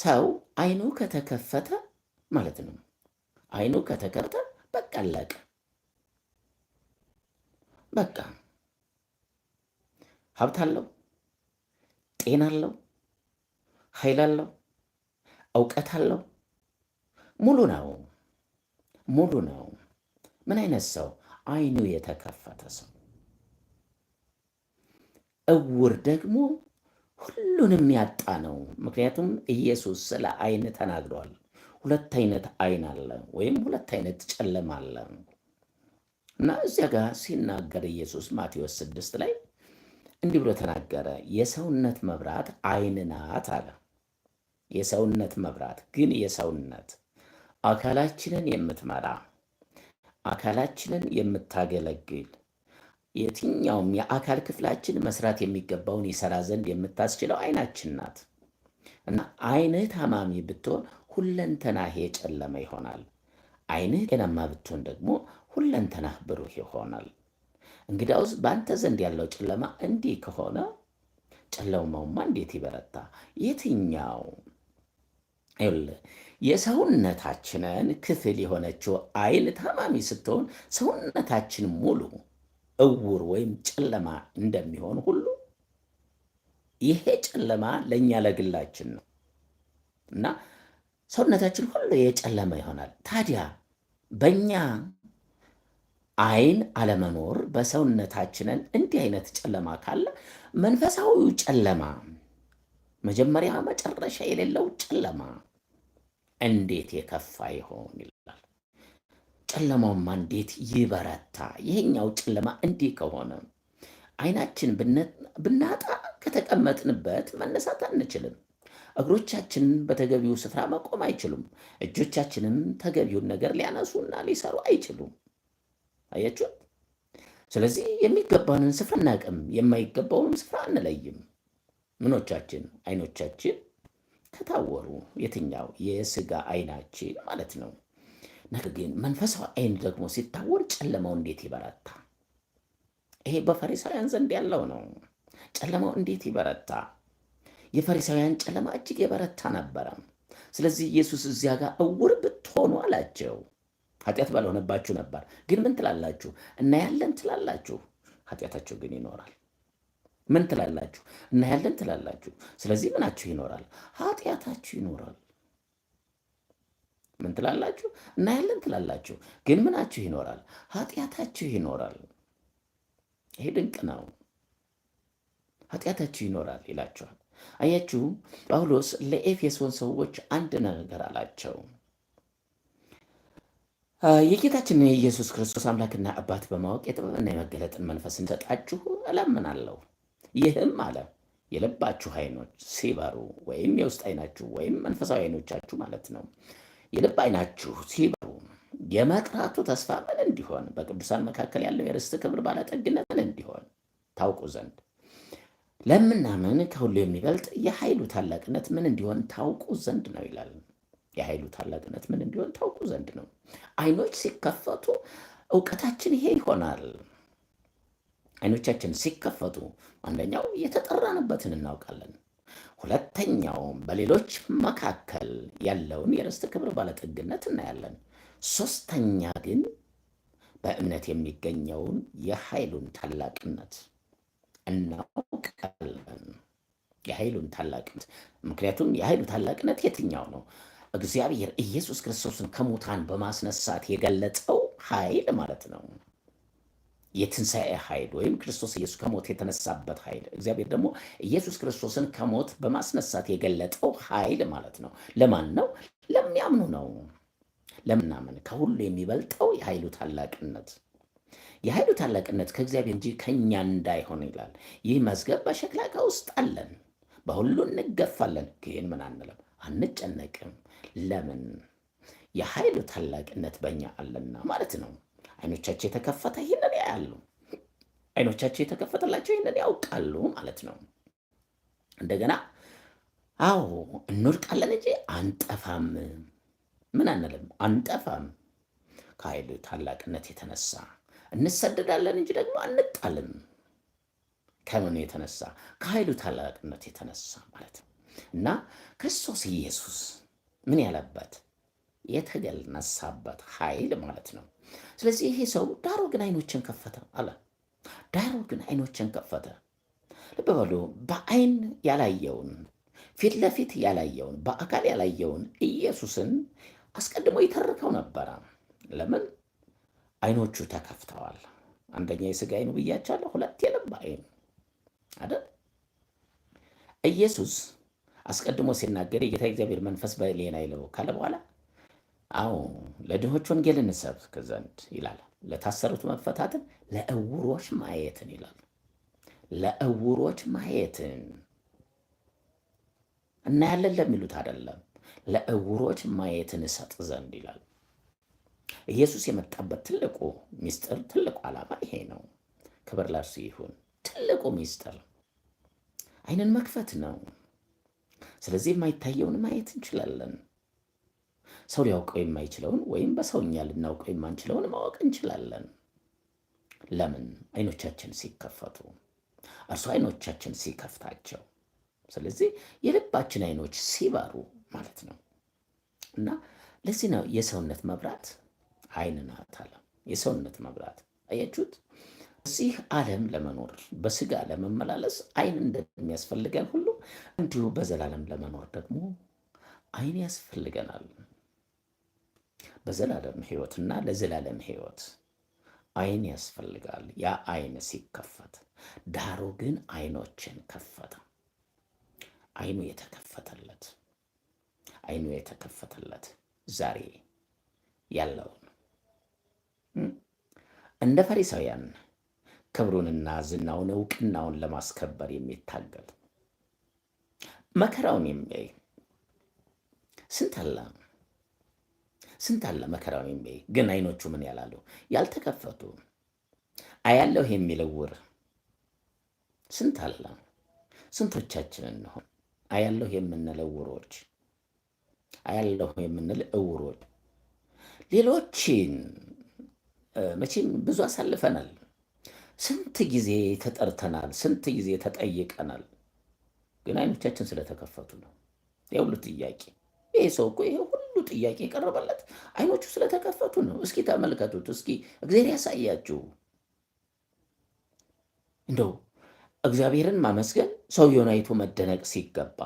ሰው አይኑ ከተከፈተ ማለት ነው። አይኑ ከተከፈተ በቃ አለቀ። በቃ ሀብት አለው፣ ጤና አለው፣ ኃይል አለው፣ እውቀት አለው። ሙሉ ነው፣ ሙሉ ነው። ምን አይነት ሰው? አይኑ የተከፈተ ሰው። እውር ደግሞ ሁሉንም ያጣ ነው። ምክንያቱም ኢየሱስ ስለ አይን ተናግሯል። ሁለት አይነት አይን አለ ወይም ሁለት አይነት ጨለማ አለ እና እዚያ ጋር ሲናገር ኢየሱስ ማቴዎስ ስድስት ላይ እንዲህ ብሎ ተናገረ። የሰውነት መብራት አይን ናት አለ። የሰውነት መብራት ግን የሰውነት አካላችንን የምትመራ አካላችንን የምታገለግል የትኛውም የአካል ክፍላችን መስራት የሚገባውን ይሰራ ዘንድ የምታስችለው አይናችን ናት እና አይንህ ታማሚ ብትሆን ሁለንተናህ የጨለመ ይሆናል። አይንህ ጤናማ ብትሆን ደግሞ ሁለንተናህ ብሩህ ይሆናል። እንግዲያውስ በአንተ ዘንድ ያለው ጨለማ እንዲህ ከሆነ ጨለማውማ እንዴት ይበረታ? የትኛው የሰውነታችንን ክፍል የሆነችው አይን ታማሚ ስትሆን ሰውነታችን ሙሉ እውር ወይም ጨለማ እንደሚሆን ሁሉ ይሄ ጨለማ ለእኛ ለግላችን ነው እና ሰውነታችን ሁሉ የጨለመ ይሆናል። ታዲያ በእኛ አይን አለመኖር በሰውነታችንን እንዲህ አይነት ጨለማ ካለ መንፈሳዊው ጨለማ መጀመሪያ መጨረሻ የሌለው ጨለማ እንዴት የከፋ ይሆን? ጨለማውማ እንዴት ይበረታ? ይሄኛው ጨለማ እንዲህ ከሆነ አይናችን ብናጣ ከተቀመጥንበት መነሳት አንችልም። እግሮቻችንን በተገቢው ስፍራ መቆም አይችሉም። እጆቻችንም ተገቢውን ነገር ሊያነሱና ሊሰሩ አይችሉም። አያችሁ። ስለዚህ የሚገባንን ስፍራ እናቅም፣ የማይገባውንም ስፍራ አንለይም። ምኖቻችን አይኖቻችን ከታወሩ የትኛው የስጋ አይናችን ማለት ነው ነገር ግን መንፈሳዊ አይን ደግሞ ሲታወር ጨለማው እንዴት ይበረታ! ይሄ በፈሪሳውያን ዘንድ ያለው ነው። ጨለማው እንዴት ይበረታ! የፈሪሳውያን ጨለማ እጅግ የበረታ ነበረ። ስለዚህ ኢየሱስ እዚያ ጋር እውር ብትሆኑ አላቸው። ኃጢአት ባልሆነባችሁ ነበር፣ ግን ምን ትላላችሁ? እናያለን ትላላችሁ፣ ኃጢአታችሁ ግን ይኖራል። ምን ትላላችሁ? እናያለን ትላላችሁ፣ ስለዚህ ምናችሁ ይኖራል? ኃጢአታችሁ ይኖራል። ምን ትላላችሁ? እናያለን ትላላችሁ፣ ግን ምናችሁ ይኖራል? ኃጢአታችሁ ይኖራል። ይሄ ድንቅ ነው። ኃጢአታችሁ ይኖራል ይላችኋል። አያችሁ፣ ጳውሎስ ለኤፌሶን ሰዎች አንድ ነገር አላቸው። የጌታችን የኢየሱስ ክርስቶስ አምላክና አባት በማወቅ የጥበብና የመገለጥን መንፈስ እንሰጣችሁ እለምናለሁ። ይህም አለ የልባችሁ አይኖች ሲበሩ ወይም የውስጥ አይናችሁ ወይም መንፈሳዊ አይኖቻችሁ ማለት ነው የልብ ዓይናችሁ ሲበሩ የመጥራቱ ተስፋ ምን እንዲሆን በቅዱሳን መካከል ያለው የርስት ክብር ባለጠግነት ምን እንዲሆን ታውቁ ዘንድ ለምናምን ከሁሉ የሚበልጥ የኃይሉ ታላቅነት ምን እንዲሆን ታውቁ ዘንድ ነው ይላል። የኃይሉ ታላቅነት ምን እንዲሆን ታውቁ ዘንድ ነው። ዓይኖች ሲከፈቱ እውቀታችን ይሄ ይሆናል። ዓይኖቻችን ሲከፈቱ አንደኛው የተጠራንበትን እናውቃለን። ሁለተኛውም በሌሎች መካከል ያለውን የርስት ክብር ባለጠግነት እናያለን። ሶስተኛ ግን በእምነት የሚገኘውን የኃይሉን ታላቅነት እናውቃለን። የኃይሉን ታላቅነት ምክንያቱም የኃይሉ ታላቅነት የትኛው ነው? እግዚአብሔር ኢየሱስ ክርስቶስን ከሙታን በማስነሳት የገለጸው ኃይል ማለት ነው። የትንሣኤ ኃይል ወይም ክርስቶስ ኢየሱስ ከሞት የተነሳበት ኃይል እግዚአብሔር ደግሞ ኢየሱስ ክርስቶስን ከሞት በማስነሳት የገለጠው ኃይል ማለት ነው። ለማን ነው? ለሚያምኑ ነው። ለምናምን ከሁሉ የሚበልጠው የኃይሉ ታላቅነት የኃይሉ ታላቅነት ከእግዚአብሔር እንጂ ከእኛ እንዳይሆን ይላል። ይህ መዝገብ በሸክላ ዕቃ ውስጥ አለን። በሁሉ እንገፋለን፣ ግን ምን አንለም፣ አንጨነቅም። ለምን? የኃይሉ ታላቅነት በእኛ አለና ማለት ነው። አይኖቻቸው የተከፈተ ይህንን ያያሉ። አይኖቻቸው የተከፈተላቸው ይህንን ያውቃሉ ማለት ነው። እንደገና አዎ እንወድቃለን እንጂ አንጠፋም። ምን አንልም፣ አንጠፋም ከኃይሉ ታላቅነት የተነሳ እንሰደዳለን እንጂ ደግሞ አንጣልም። ከምን የተነሳ ከኃይሉ ታላቅነት የተነሳ ማለት ነው። እና ክርስቶስ ኢየሱስ ምን ያለበት የተገለጸበት ኃይል ማለት ነው። ስለዚህ ይሄ ሰው ዳሩ ግን አይኖችን ከፈተ አለ። ዳሩ ግን አይኖችን ከፈተ። ልብ በሉ፣ በአይን ያላየውን ፊት ለፊት ያላየውን በአካል ያላየውን ኢየሱስን አስቀድሞ ይተርከው ነበረ። ለምን? አይኖቹ ተከፍተዋል። አንደኛ የስጋ አይኑ ብያቻለሁ፣ ሁለት የልብ አይን አይደል? ኢየሱስ አስቀድሞ ሲናገር የጌታ እግዚአብሔር መንፈስ በሌና ይለው ካለ በኋላ አዎ ለድሆች ወንጌልን እንሰብክ ዘንድ ይላል። ለታሰሩት መፈታትን፣ ለእውሮች ማየትን ይላል። ለእውሮች ማየትን እናያለን ለሚሉት አይደለም፣ ለእውሮች ማየትን እሰጥ ዘንድ ይላል። ኢየሱስ የመጣበት ትልቁ ሚስጥር፣ ትልቁ ዓላማ ይሄ ነው። ክብር ለእርሱ ይሁን። ትልቁ ሚስጥር አይንን መክፈት ነው። ስለዚህ የማይታየውን ማየት እንችላለን። ሰው ሊያውቀው የማይችለውን ወይም በሰውኛ ልናውቀው የማንችለውን ማወቅ እንችላለን። ለምን? አይኖቻችን ሲከፈቱ እርሱ አይኖቻችን ሲከፍታቸው፣ ስለዚህ የልባችን አይኖች ሲበሩ ማለት ነው። እና ለዚህ ነው የሰውነት መብራት አይን ናት አለ። የሰውነት መብራት አያችሁት? እዚህ ዓለም ለመኖር በስጋ ለመመላለስ አይን እንደሚያስፈልገን ሁሉ እንዲሁ በዘላለም ለመኖር ደግሞ አይን ያስፈልገናል። በዘላለም ህይወትና ለዘላለም ህይወት አይን ያስፈልጋል። ያ አይን ሲከፈት ዳሩ ግን አይኖችን ከፈተ። አይኑ የተከፈተለት አይኑ የተከፈተለት ዛሬ ያለውን እንደ ፈሪሳውያን ክብሩንና ዝናውን እውቅናውን ለማስከበር የሚታገል መከራውን የሚያይ ስንት አለ ስንት አለ መከራውን የሚያይ ግን አይኖቹ ምን ያላሉ ያልተከፈቱ አያለሁ የሚለውር ስንት አለ። ስንቶቻችን እንሆን አያለሁ የምንል እውሮች፣ አያለሁ የምንል እውሮች። ሌሎችን መቼም ብዙ አሳልፈናል። ስንት ጊዜ ተጠርተናል፣ ስንት ጊዜ ተጠይቀናል። ግን አይኖቻችን ስለተከፈቱ ነው። ሁሉ ጥያቄ ይሄ ሰው እኮ ይሄ ጥያቄ የቀረበለት አይኖቹ ስለተከፈቱ ነው። እስኪ ተመልከቱት፣ እስኪ እግዚአብሔር ያሳያችሁ። እንደው እግዚአብሔርን ማመስገን ሰውየውን አይቶ መደነቅ ሲገባ፣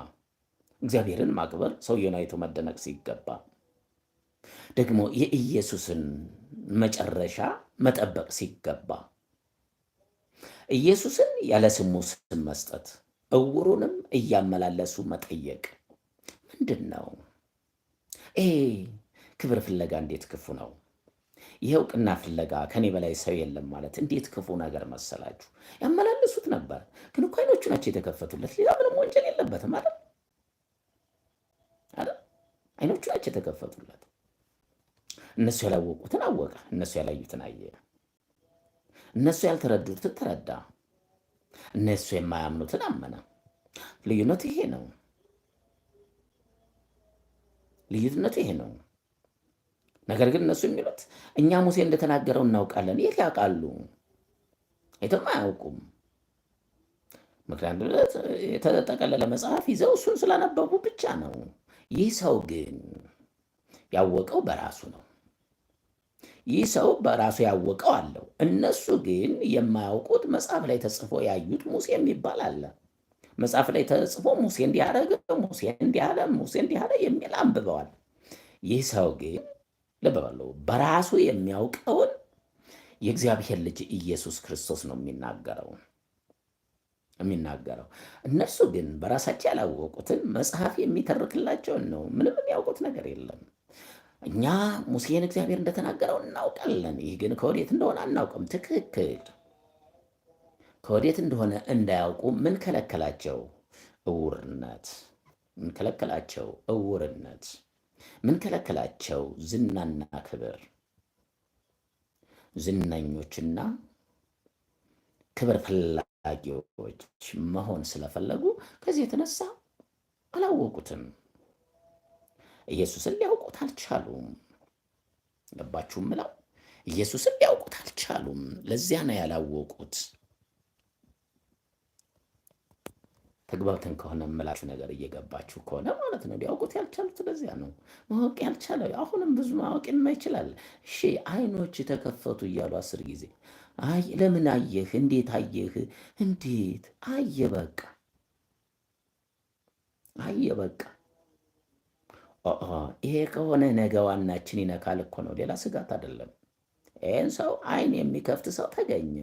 እግዚአብሔርን ማክበር ሰውየውን አይቶ መደነቅ ሲገባ፣ ደግሞ የኢየሱስን መጨረሻ መጠበቅ ሲገባ፣ ኢየሱስን ያለ ስሙ ስም መስጠት፣ እውሩንም እያመላለሱ መጠየቅ ምንድን ነው? ኤ ክብር ፍለጋ እንዴት ክፉ ነው! ይህ እውቅና ፍለጋ ከኔ በላይ ሰው የለም ማለት እንዴት ክፉ ነገር መሰላችሁ! ያመላለሱት ነበር፣ ግን እኮ አይኖቹ ናቸው የተከፈቱለት። ሌላ ምንም ወንጀል የለበትም አይደል? አይኖቹ ናቸው የተከፈቱለት። እነሱ ያላወቁትን አወቀ፣ እነሱ ያላዩትን አየ፣ እነሱ ያልተረዱትን ተረዳ፣ እነሱ የማያምኑትን አመነ። ልዩነቱ ይሄ ነው። ልዩነቱ ይሄ ነው። ነገር ግን እነሱ የሚሉት እኛ ሙሴ እንደተናገረው እናውቃለን። የት ያውቃሉ? የትም አያውቁም። ምክንያቱም የተጠቀለለ መጽሐፍ ይዘው እሱን ስላነበቡ ብቻ ነው። ይህ ሰው ግን ያወቀው በራሱ ነው። ይህ ሰው በራሱ ያወቀው አለው። እነሱ ግን የማያውቁት መጽሐፍ ላይ ተጽፎ ያዩት ሙሴ የሚባል አለ። መጽሐፍ ላይ ተጽፎ ሙሴ እንዲያደረገ ሙሴ እንዲያለ ሙሴ እንዲያለ የሚል አንብበዋል። ይህ ሰው ግን ልብ በሉ፣ በራሱ የሚያውቀውን የእግዚአብሔር ልጅ ኢየሱስ ክርስቶስ ነው የሚናገረው የሚናገረው እነሱ ግን በራሳቸው ያላወቁትን መጽሐፍ የሚተርክላቸውን ነው። ምንም የሚያውቁት ነገር የለም። እኛ ሙሴን እግዚአብሔር እንደተናገረው እናውቃለን። ይህ ግን ከወዴት እንደሆነ አናውቅም። ትክክል ከወዴት እንደሆነ እንዳያውቁ ምን ከለከላቸው? እውርነት። ምን ከለከላቸው? እውርነት። ምን ከለከላቸው? ዝናና ክብር። ዝነኞችና ክብር ፈላጊዎች መሆን ስለፈለጉ ከዚህ የተነሳ አላወቁትም። ኢየሱስን ሊያውቁት አልቻሉም። ገባችሁም? ብለው ኢየሱስን ሊያውቁት አልቻሉም። ለዚያ ነው ያላወቁት። ተግባብተን ከሆነ መላት ነገር እየገባችሁ ከሆነ ማለት ነው። ሊያውቁት ያልቻሉት ለዚያ ነው። ማወቅ ያልቻለ አሁንም ብዙ ማወቅ የማይችላል። እሺ አይኖች ተከፈቱ እያሉ አስር ጊዜ አይ ለምን አየህ? እንዴት አየህ? እንዴት አየ? በቃ አየ በቃ ይሄ ከሆነ ነገ ዋናችን ይነካል እኮ ነው። ሌላ ስጋት አይደለም። ይህን ሰው አይን የሚከፍት ሰው ተገኘ።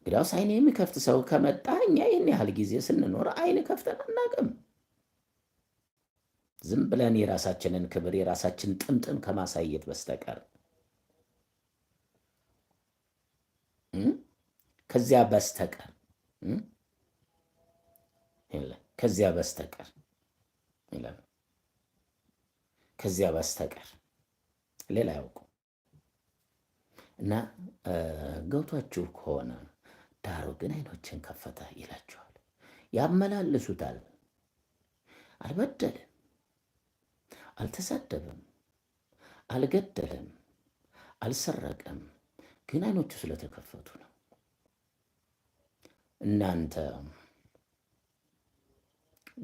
እንግዲያውስ አይን የሚከፍት ሰው ከመጣ እኛ ይህን ያህል ጊዜ ስንኖር አይን ከፍተን አናቅም። ዝም ብለን የራሳችንን ክብር የራሳችን ጥምጥም ከማሳየት በስተቀር ከዚያ በስተቀር ከዚያ በስተቀር ከዚያ በስተቀር ሌላ ያውቁ እና ገብቷችሁ ከሆነ ዳሩ ግን አይኖችን ከፈተ ይላቸዋል። ያመላልሱታል። አልበደልም፣ አልተሳደብም፣ አልገደልም፣ አልሰረቀም። ግን አይኖቹ ስለተከፈቱ ነው። እናንተ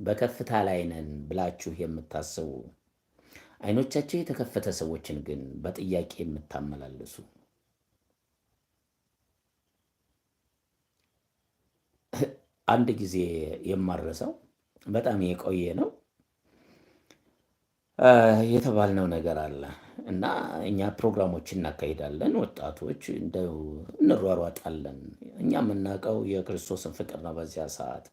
በከፍታ ላይ ነን ብላችሁ የምታስቡ አይኖቻቸው የተከፈተ ሰዎችን ግን በጥያቄ የምታመላልሱ አንድ ጊዜ የማረሰው በጣም የቆየ ነው የተባልነው ነገር አለ እና እኛ ፕሮግራሞች እናካሂዳለን። ወጣቶች እንደው እንሯሯጣለን። እኛ የምናውቀው የክርስቶስን ፍቅር ነው። በዚያ ሰዓት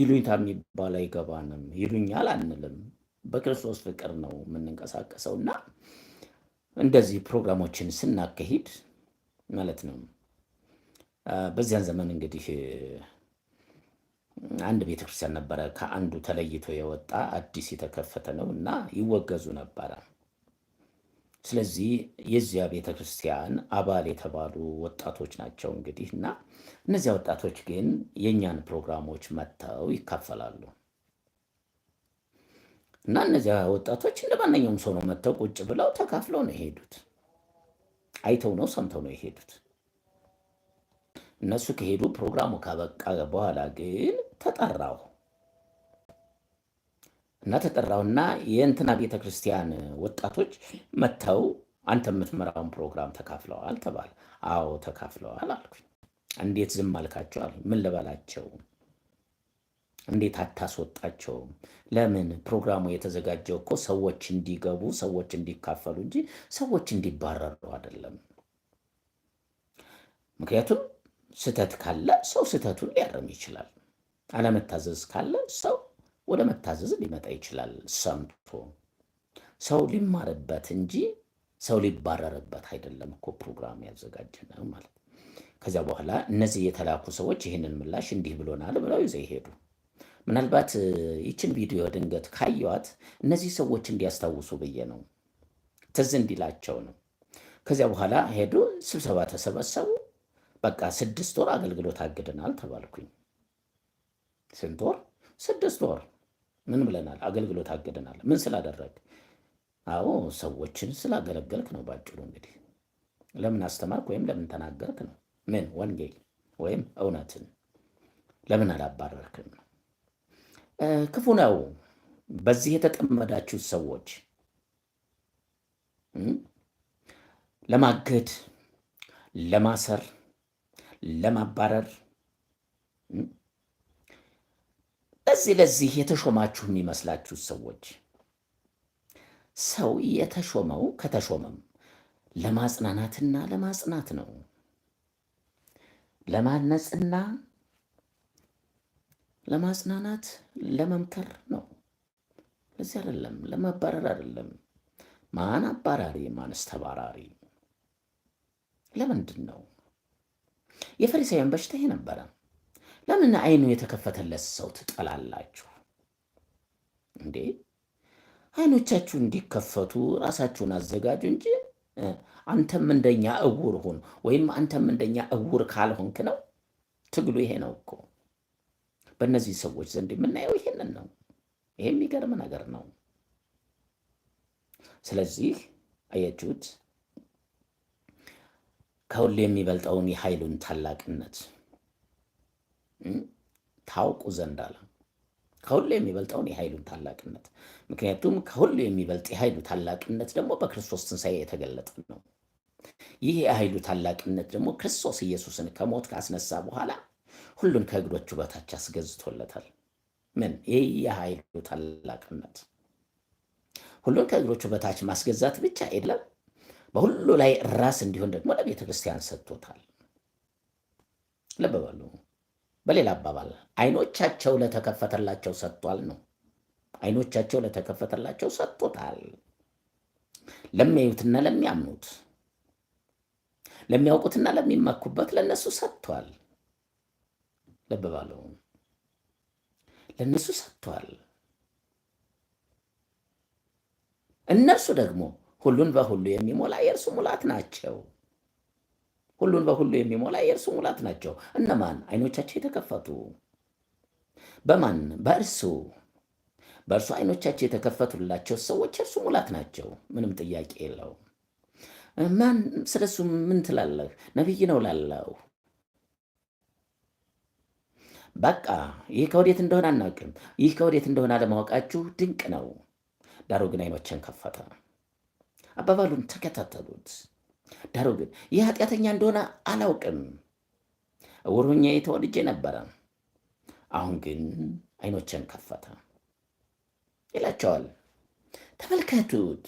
ይሉኝታ የሚባል አይገባንም፣ ይሉኛል አንልም። በክርስቶስ ፍቅር ነው የምንንቀሳቀሰው እና እንደዚህ ፕሮግራሞችን ስናካሂድ ማለት ነው በዚያን ዘመን እንግዲህ አንድ ቤተክርስቲያን ነበረ ከአንዱ ተለይቶ የወጣ አዲስ የተከፈተ ነው እና ይወገዙ ነበረ። ስለዚህ የዚያ ቤተክርስቲያን አባል የተባሉ ወጣቶች ናቸው እንግዲህ እና እነዚያ ወጣቶች ግን የእኛን ፕሮግራሞች መጥተው ይካፈላሉ እና እነዚያ ወጣቶች እንደ ማንኛውም ሰው ነው መጥተው ቁጭ ብለው ተካፍለው ነው የሄዱት። አይተው ነው ሰምተው ነው የሄዱት። እነሱ ከሄዱ ፕሮግራሙ ካበቃ በኋላ ግን ተጠራሁ እና ተጠራሁና የእንትና ቤተ ክርስቲያን ወጣቶች መጥተው አንተ የምትመራውን ፕሮግራም ተካፍለዋል ተባለ። አዎ ተካፍለዋል አልኩኝ። እንዴት ዝም አልካቸው? ምን ልበላቸው? እንዴት አታስወጣቸውም? ለምን? ፕሮግራሙ የተዘጋጀው እኮ ሰዎች እንዲገቡ፣ ሰዎች እንዲካፈሉ እንጂ ሰዎች እንዲባረሩ አይደለም። ምክንያቱም ስህተት ካለ ሰው ስህተቱን ሊያርም ይችላል። አለመታዘዝ ካለ ሰው ወደ መታዘዝ ሊመጣ ይችላል። ሰምቶ ሰው ሊማርበት እንጂ ሰው ሊባረርበት አይደለም እኮ ፕሮግራም ያዘጋጀ ነው ማለት። ከዚያ በኋላ እነዚህ የተላኩ ሰዎች ይህንን ምላሽ እንዲህ ብሎናል ብለው ይዘው ይሄዱ። ምናልባት ይችን ቪዲዮ ድንገት ካየዋት እነዚህ ሰዎች እንዲያስታውሱ ብዬ ነው፣ ትዝ እንዲላቸው ነው። ከዚያ በኋላ ሄዱ፣ ስብሰባ ተሰበሰቡ። በቃ ስድስት ወር አገልግሎት አግደናል ተባልኩኝ። ስንት ወር? ስድስት ወር። ምን ብለናል? አገልግሎት አገደናል። ምን ስላደረግ? አዎ ሰዎችን ስላገለገልክ ነው። ባጭሩ እንግዲህ ለምን አስተማርክ ወይም ለምን ተናገርክ ነው። ምን ወንጌል ወይም እውነትን ለምን አላባረርክም ነው። ክፉ ነው። በዚህ የተጠመዳችሁ ሰዎች ለማገድ፣ ለማሰር፣ ለማባረር ለዚህ ለዚህ የተሾማችሁ የሚመስላችሁ ሰዎች ሰው የተሾመው ከተሾመም ለማጽናናትና ለማጽናት ነው፣ ለማነጽና ለማጽናናት ለመምከር ነው። ለዚህ አይደለም፣ ለማባረር አይደለም። ማን አባራሪ ማንስ ተባራሪ? ለምንድን ነው የፈሪሳውያን በሽታ ይሄ ነበረ? ለምን አይኑ የተከፈተለት ሰው ትጠላላችሁ እንዴ? አይኖቻችሁ እንዲከፈቱ ራሳችሁን አዘጋጁ እንጂ አንተም እንደኛ እውር ሁን ወይም አንተም እንደኛ እውር ካልሆንክ ነው። ትግሉ ይሄ ነው እኮ። በእነዚህ ሰዎች ዘንድ የምናየው ይሄንን ነው። ይሄ የሚገርም ነገር ነው። ስለዚህ አያችሁት ከሁሉ የሚበልጠውን የኃይሉን ታላቅነት ታውቁ ዘንድ አለ። ከሁሉ የሚበልጠውን የኃይሉን ታላቅነት። ምክንያቱም ከሁሉ የሚበልጥ የኃይሉ ታላቅነት ደግሞ በክርስቶስ ትንሣኤ የተገለጠ ነው። ይህ የኃይሉ ታላቅነት ደግሞ ክርስቶስ ኢየሱስን ከሞት ካስነሳ በኋላ ሁሉን ከእግሮቹ በታች አስገዝቶለታል። ምን ይህ የኃይሉ ታላቅነት ሁሉን ከእግሮቹ በታች ማስገዛት ብቻ የለም፣ በሁሉ ላይ ራስ እንዲሆን ደግሞ ለቤተ ክርስቲያን ሰጥቶታል። ልብ በሉ። በሌላ አባባል አይኖቻቸው ለተከፈተላቸው ሰጥቷል ነው። አይኖቻቸው ለተከፈተላቸው ሰጥቶታል። ለሚያዩትና ለሚያምኑት፣ ለሚያውቁትና ለሚመኩበት ለእነሱ ሰጥቷል። ልብ በሉ፣ ለእነሱ ሰጥቷል። እነሱ ደግሞ ሁሉን በሁሉ የሚሞላ የእርሱ ሙላት ናቸው። ሁሉን በሁሉ የሚሞላ የእርሱ ሙላት ናቸው። እነማን? አይኖቻቸው የተከፈቱ በማን? በእርሱ በእርሱ አይኖቻቸው የተከፈቱላቸው ሰዎች የእርሱ ሙላት ናቸው። ምንም ጥያቄ የለው። ማን ስለ እሱ ምን ትላለህ? ነቢይ ነው ላለው በቃ ይህ ከወዴት እንደሆነ አናውቅም። ይህ ከወዴት እንደሆነ አለማወቃችሁ ድንቅ ነው። ዳሩ ግን አይኖችን ከፈተ። አባባሉን ተከታተሉት። ዳሩ ግን ይህ ኃጢአተኛ እንደሆነ አላውቅም። ዕውር ሆኜ ተወልጄ ነበረ፣ አሁን ግን ዓይኖቼን ከፈተ ይላቸዋል። ተመልከቱት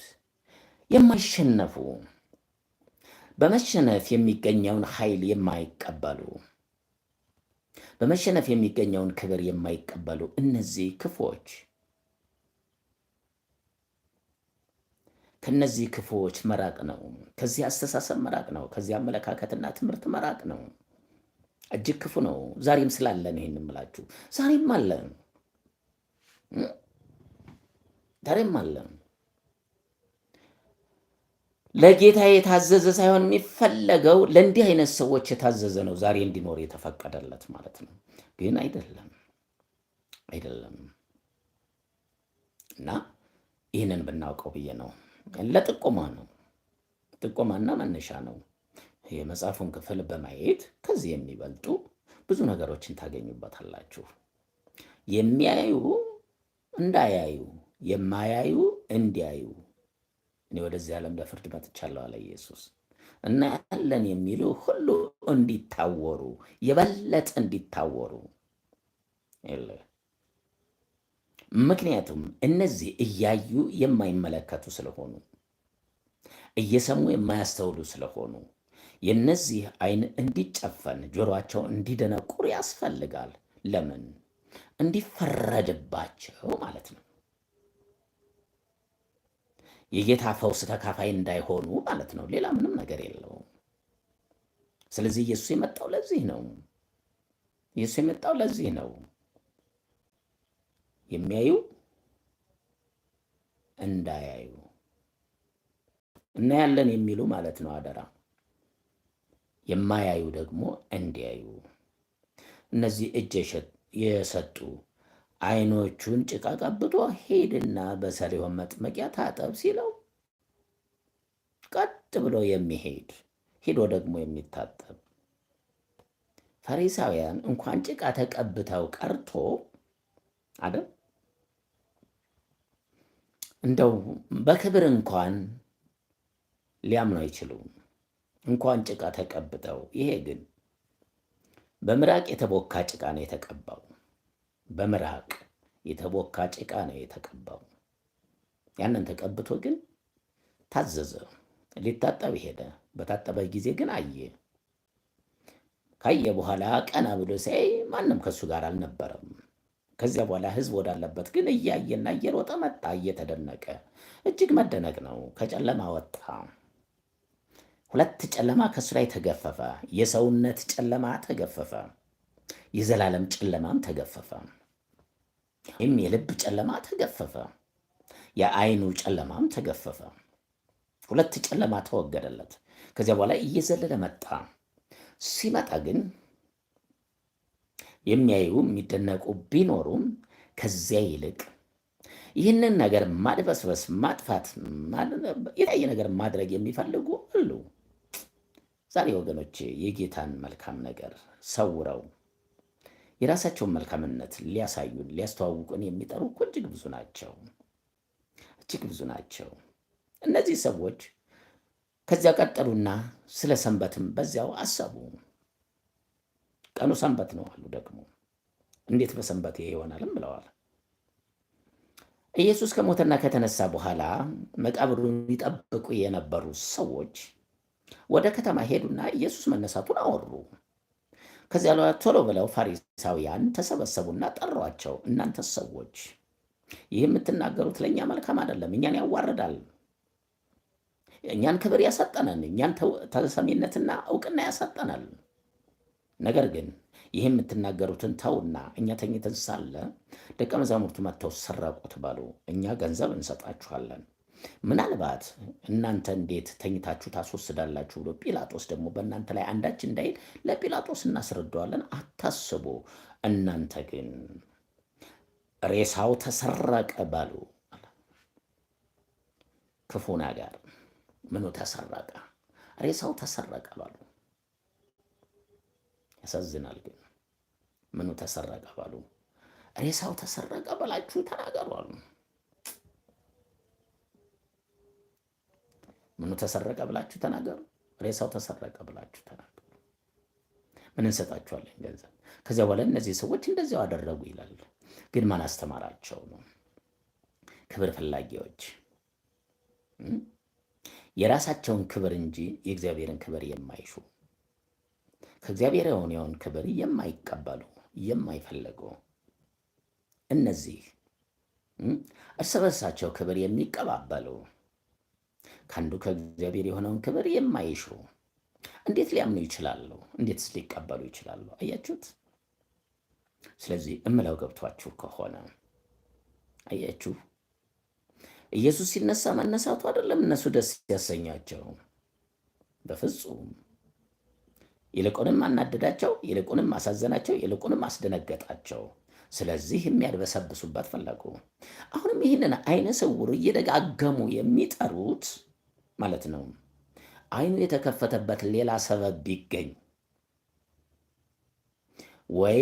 የማይሸነፉ በመሸነፍ የሚገኘውን ኃይል የማይቀበሉ በመሸነፍ የሚገኘውን ክብር የማይቀበሉ እነዚህ ክፉዎች ከነዚህ ክፉዎች መራቅ ነው። ከዚህ አስተሳሰብ መራቅ ነው። ከዚህ አመለካከትና ትምህርት መራቅ ነው። እጅግ ክፉ ነው። ዛሬም ስላለን ይሄን ምላችሁ ዛሬም አለን፣ ዛሬም አለን። ለጌታ የታዘዘ ሳይሆን የሚፈለገው ለእንዲህ አይነት ሰዎች የታዘዘ ነው። ዛሬ እንዲኖር የተፈቀደለት ማለት ነው። ግን አይደለም አይደለም። እና ይህንን ብናውቀው ብዬ ነው። ለጥቆማ ነው። ጥቆማና መነሻ ነው። የመጽሐፉን ክፍል በማየት ከዚህ የሚበልጡ ብዙ ነገሮችን ታገኙበታላችሁ። የሚያዩ እንዳያዩ፣ የማያዩ እንዲያዩ። እኔ ወደዚህ ዓለም ለፍርድ መጥቻለሁ አለ ኢየሱስ። እናያለን የሚሉ ሁሉ እንዲታወሩ፣ የበለጠ እንዲታወሩ ምክንያቱም እነዚህ እያዩ የማይመለከቱ ስለሆኑ እየሰሙ የማያስተውሉ ስለሆኑ የእነዚህ አይን እንዲጨፈን ጆሮአቸው እንዲደነቁር ያስፈልጋል። ለምን? እንዲፈረድባቸው ማለት ነው። የጌታ ፈውስ ተካፋይ እንዳይሆኑ ማለት ነው። ሌላ ምንም ነገር የለውም። ስለዚህ ኢየሱስ የመጣው ለዚህ ነው። ኢየሱስ የመጣው ለዚህ ነው። የሚያዩ እንዳያዩ እናያለን የሚሉ ማለት ነው። አደራ የማያዩ ደግሞ እንዲያዩ እነዚህ እጅ የሰጡ አይኖቹን ጭቃ ቀብቶ ሄድና በሰሊሆም መጥመቂያ ታጠብ ሲለው ቀጥ ብሎ የሚሄድ ሄዶ ደግሞ የሚታጠብ ፈሪሳውያን እንኳን ጭቃ ተቀብተው ቀርቶ አደም እንደው በክብር እንኳን ሊያምኑ አይችሉም፣ እንኳን ጭቃ ተቀብጠው ይሄ ግን በምራቅ የተቦካ ጭቃ ነው የተቀባው። በምራቅ የተቦካ ጭቃ ነው የተቀባው። ያንን ተቀብቶ ግን ታዘዘ። ሊታጠብ ሄደ። በታጠበ ጊዜ ግን አየ። ካየ በኋላ ቀና ብሎ ሲያይ ማንም ከሱ ጋር አልነበረም። ከዚያ በኋላ ህዝብ ወዳለበት ግን እያየና እየሮጠ መጣ፣ እየተደነቀ እጅግ መደነቅ ነው። ከጨለማ ወጣ። ሁለት ጨለማ ከእሱ ላይ ተገፈፈ። የሰውነት ጨለማ ተገፈፈ፣ የዘላለም ጨለማም ተገፈፈ፣ ይህም የልብ ጨለማ ተገፈፈ፣ የአይኑ ጨለማም ተገፈፈ። ሁለት ጨለማ ተወገደለት። ከዚያ በኋላ እየዘለለ መጣ። ሲመጣ ግን የሚያዩ የሚደነቁ ቢኖሩም ከዚያ ይልቅ ይህንን ነገር ማድበስበስ፣ ማጥፋት፣ የተለያየ ነገር ማድረግ የሚፈልጉ አሉ። ዛሬ ወገኖች የጌታን መልካም ነገር ሰውረው የራሳቸውን መልካምነት ሊያሳዩን ሊያስተዋውቁን የሚጠሩ እኮ እጅግ ብዙ ናቸው፣ እጅግ ብዙ ናቸው። እነዚህ ሰዎች ከዚያ ቀጠሉና ስለ ሰንበትም በዚያው አሰቡ። ቀኑ ሰንበት ነው አሉ። ደግሞ እንዴት በሰንበት ይሄ ይሆናልም ብለዋል። ኢየሱስ ከሞተና ከተነሳ በኋላ መቃብሩን ይጠብቁ የነበሩ ሰዎች ወደ ከተማ ሄዱና ኢየሱስ መነሳቱን አወሩ። ከዚያ ላ ቶሎ ብለው ፋሪሳውያን ተሰበሰቡና ጠሯቸው። እናንተ ሰዎች ይህ የምትናገሩት ለእኛ መልካም አይደለም፣ እኛን ያዋርዳል፣ እኛን ክብር ያሳጠናል፣ እኛን ተሰሚነትና እውቅና ያሳጠናል። ነገር ግን ይህ የምትናገሩትን ተውና እኛ ተኝተን ሳለ ደቀ መዛሙርቱ መጥተው ሰረቁት በሉ፣ እኛ ገንዘብ እንሰጣችኋለን። ምናልባት እናንተ እንዴት ተኝታችሁ ታስወስዳላችሁ ብሎ ጲላጦስ ደግሞ በእናንተ ላይ አንዳች እንዳይል ለጲላጦስ እናስረዳዋለን፣ አታስቡ። እናንተ ግን ሬሳው ተሰረቀ በሉ። ክፉ ነገር ምኑ ተሰረቀ? ሬሳው ተሰረቀ በሉ። ያሳዝናል። ግን ምኑ ተሰረቀ ባሉ ሬሳው ተሰረቀ በላችሁ ተናገሩ አሉ። ምኑ ተሰረቀ ብላችሁ ተናገሩ። ሬሳው ተሰረቀ ብላችሁ ተናገሩ። ምን እንሰጣችኋለን? ገንዘብ። ከዚያ በኋላ እነዚህ ሰዎች እንደዚያው አደረጉ ይላል። ግን ማን አስተማራቸው ነው? ክብር ፈላጊዎች የራሳቸውን ክብር እንጂ የእግዚአብሔርን ክብር የማይሹ ከእግዚአብሔር የሆነውን ክብር የማይቀበሉ የማይፈልጉ እነዚህ እርስ በርሳቸው ክብር የሚቀባበሉ ከአንዱ ከእግዚአብሔር የሆነውን ክብር የማይሹ እንዴት ሊያምኑ ይችላሉ? እንዴትስ ሊቀበሉ ይችላሉ? አያችሁት? ስለዚህ እምለው ገብቷችሁ ከሆነ አያችሁ፣ ኢየሱስ ሲነሳ መነሳቱ አይደለም እነሱ ደስ ያሰኛቸው በፍጹም ይልቁንም አናደዳቸው፣ ይልቁንም አሳዘናቸው፣ ይልቁንም አስደነገጣቸው። ስለዚህ የሚያድበሰብሱበት ፈለጉ። አሁንም ይህንን አይነ ስውር እየደጋገሙ የሚጠሩት ማለት ነው። አይኑ የተከፈተበት ሌላ ሰበብ ቢገኝ ወይ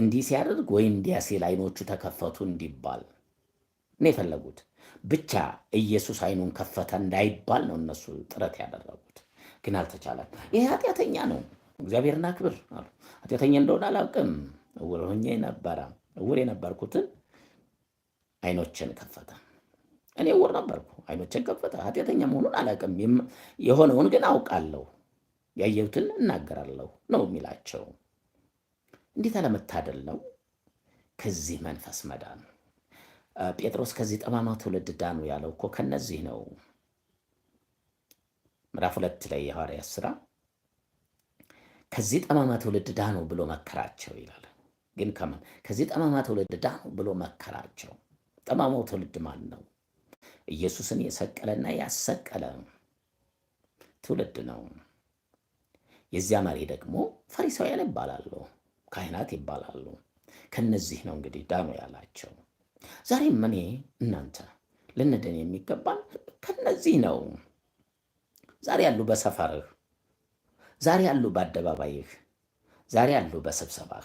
እንዲህ ሲያደርግ ወይ እንዲያ ሲል አይኖቹ ተከፈቱ እንዲባል ነው የፈለጉት። ብቻ ኢየሱስ አይኑን ከፈተ እንዳይባል ነው እነሱ ጥረት ያደረጉት፣ ግን አልተቻለም። ይህ ኃጢአተኛ ነው። እግዚአብሔርን አክብር አሉ። ኃጢአተኛ እንደሆነ አላውቅም፣ እውር ሆኜ ነበረ። እውር የነበርኩትን አይኖችን ከፈተ። እኔ እውር ነበርኩ፣ አይኖችን ከፈተ። ኃጢአተኛ መሆኑን አላውቅም፣ የሆነውን ግን አውቃለሁ፣ ያየሁትን እናገራለሁ ነው የሚላቸው። እንዴት አለመታደል ነው ከዚህ መንፈስ መዳን። ጴጥሮስ ከዚህ ጠማማ ትውልድ ዳኑ ያለው እኮ ከነዚህ ነው። ምዕራፍ ሁለት ላይ የሐዋርያት ሥራ ከዚህ ጠማማ ትውልድ ዳኑ ብሎ መከራቸው ይላል። ግን ከማን ከዚህ ጠማማ ትውልድ ዳኑ ብሎ መከራቸው? ጠማማው ትውልድ ማን ነው? ኢየሱስን የሰቀለና ያሰቀለ ትውልድ ነው። የዚያ መሪ ደግሞ ፈሪሳውያን ይባላሉ፣ ካህናት ይባላሉ። ከነዚህ ነው እንግዲህ ዳኑ ያላቸው። ዛሬም እኔ እናንተ ልንድን የሚገባን ከነዚህ ነው። ዛሬ ያሉ በሰፈርህ ዛሬ አሉ በአደባባይህ፣ ዛሬ አሉ በስብሰባህ።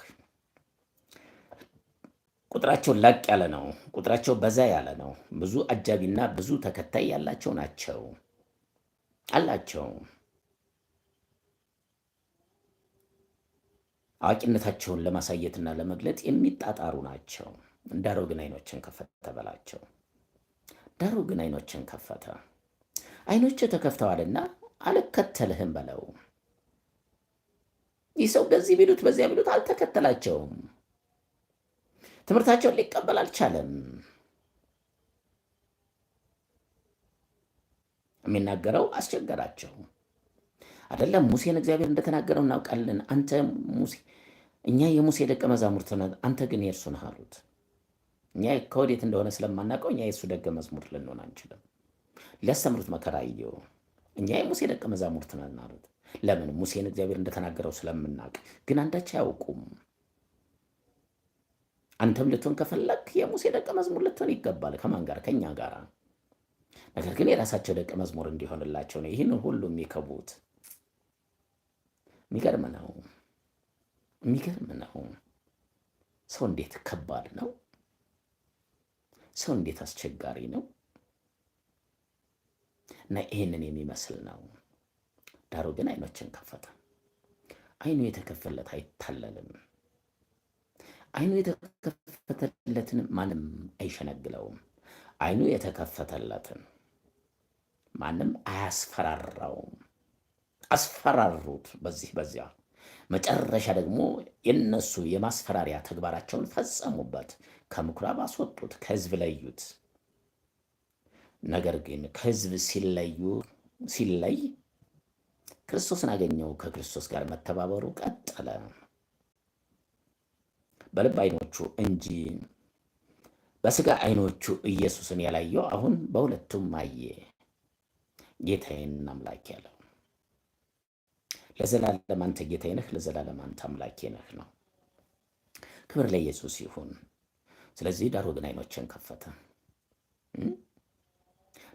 ቁጥራቸው ላቅ ያለ ነው። ቁጥራቸው በዛ ያለ ነው። ብዙ አጃቢና ብዙ ተከታይ ያላቸው ናቸው አላቸው። አዋቂነታቸውን ለማሳየትና ለመግለጥ የሚጣጣሩ ናቸው። ዳሩ ግን አይኖችን ከፈተ በላቸው። ዳሩ ግን አይኖችን ከፈተ። አይኖች ተከፍተዋልና አልከተልህም በለው። ይህ ሰው በዚህ ቢሉት በዚያ ቢሉት አልተከተላቸውም። ትምህርታቸውን ሊቀበል አልቻለም። የሚናገረው አስቸገራቸው። አይደለም ሙሴን እግዚአብሔር እንደተናገረው እናውቃለን። አንተ ሙሴ እኛ የሙሴ ደቀ መዛሙርት ነን፣ አንተ ግን የእርሱ ነህ አሉት። እኛ ከወዴት እንደሆነ ስለማናውቀው እኛ የእሱ ደቀ መዝሙር ልንሆን አንችልም። ሊያስተምሩት መከራ እየው እኛ የሙሴ ደቀ መዛሙርት ነን አሉት። ለምን ሙሴን እግዚአብሔር እንደተናገረው ስለምናውቅ። ግን አንዳች አያውቁም። አንተም ልትሆን ከፈለግ የሙሴ ደቀ መዝሙር ልትሆን ይገባል። ከማን ጋር? ከእኛ ጋር። ነገር ግን የራሳቸው ደቀ መዝሙር እንዲሆንላቸው ነው ይህን ሁሉ የሚከቡት። የሚገርም ነው፣ የሚገርም ነው። ሰው እንዴት ከባድ ነው! ሰው እንዴት አስቸጋሪ ነው! እና ይህንን የሚመስል ነው። ዳሩ ግን አይኖችን ከፈተ። አይኑ የተከፈለት አይታለልም። አይኑ የተከፈተለትን ማንም አይሸነግለውም። አይኑ የተከፈተለትን ማንም አያስፈራራውም። አስፈራሩት በዚህ በዚያ። መጨረሻ ደግሞ የነሱ የማስፈራሪያ ተግባራቸውን ፈጸሙበት። ከምኩራብ አስወጡት፣ ከህዝብ ለዩት። ነገር ግን ከህዝብ ሲለዩ ሲለይ ክርስቶስን አገኘው። ከክርስቶስ ጋር መተባበሩ ቀጠለ። በልብ አይኖቹ እንጂ በስጋ አይኖቹ ኢየሱስን ያላየው አሁን በሁለቱም አየ። ጌታዬን አምላክ ያለው ለዘላለም አንተ ጌታዬ ነህ፣ ለዘላለም አንተ አምላኬ ነህ ነው። ክብር ለኢየሱስ ይሁን። ስለዚህ ዳሩ ግን አይኖችን ከፈተ።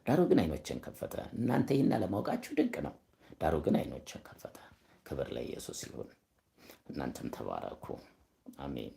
ዳሩ ግን አይኖችን ከፈተ። እናንተ ይህን አለማወቃችሁ ድንቅ ነው። ዳሩ ግን አይኖችን ከፈተ። ክብር ለኢየሱስ ይሁን። እናንተም ተባረኩ። አሜን።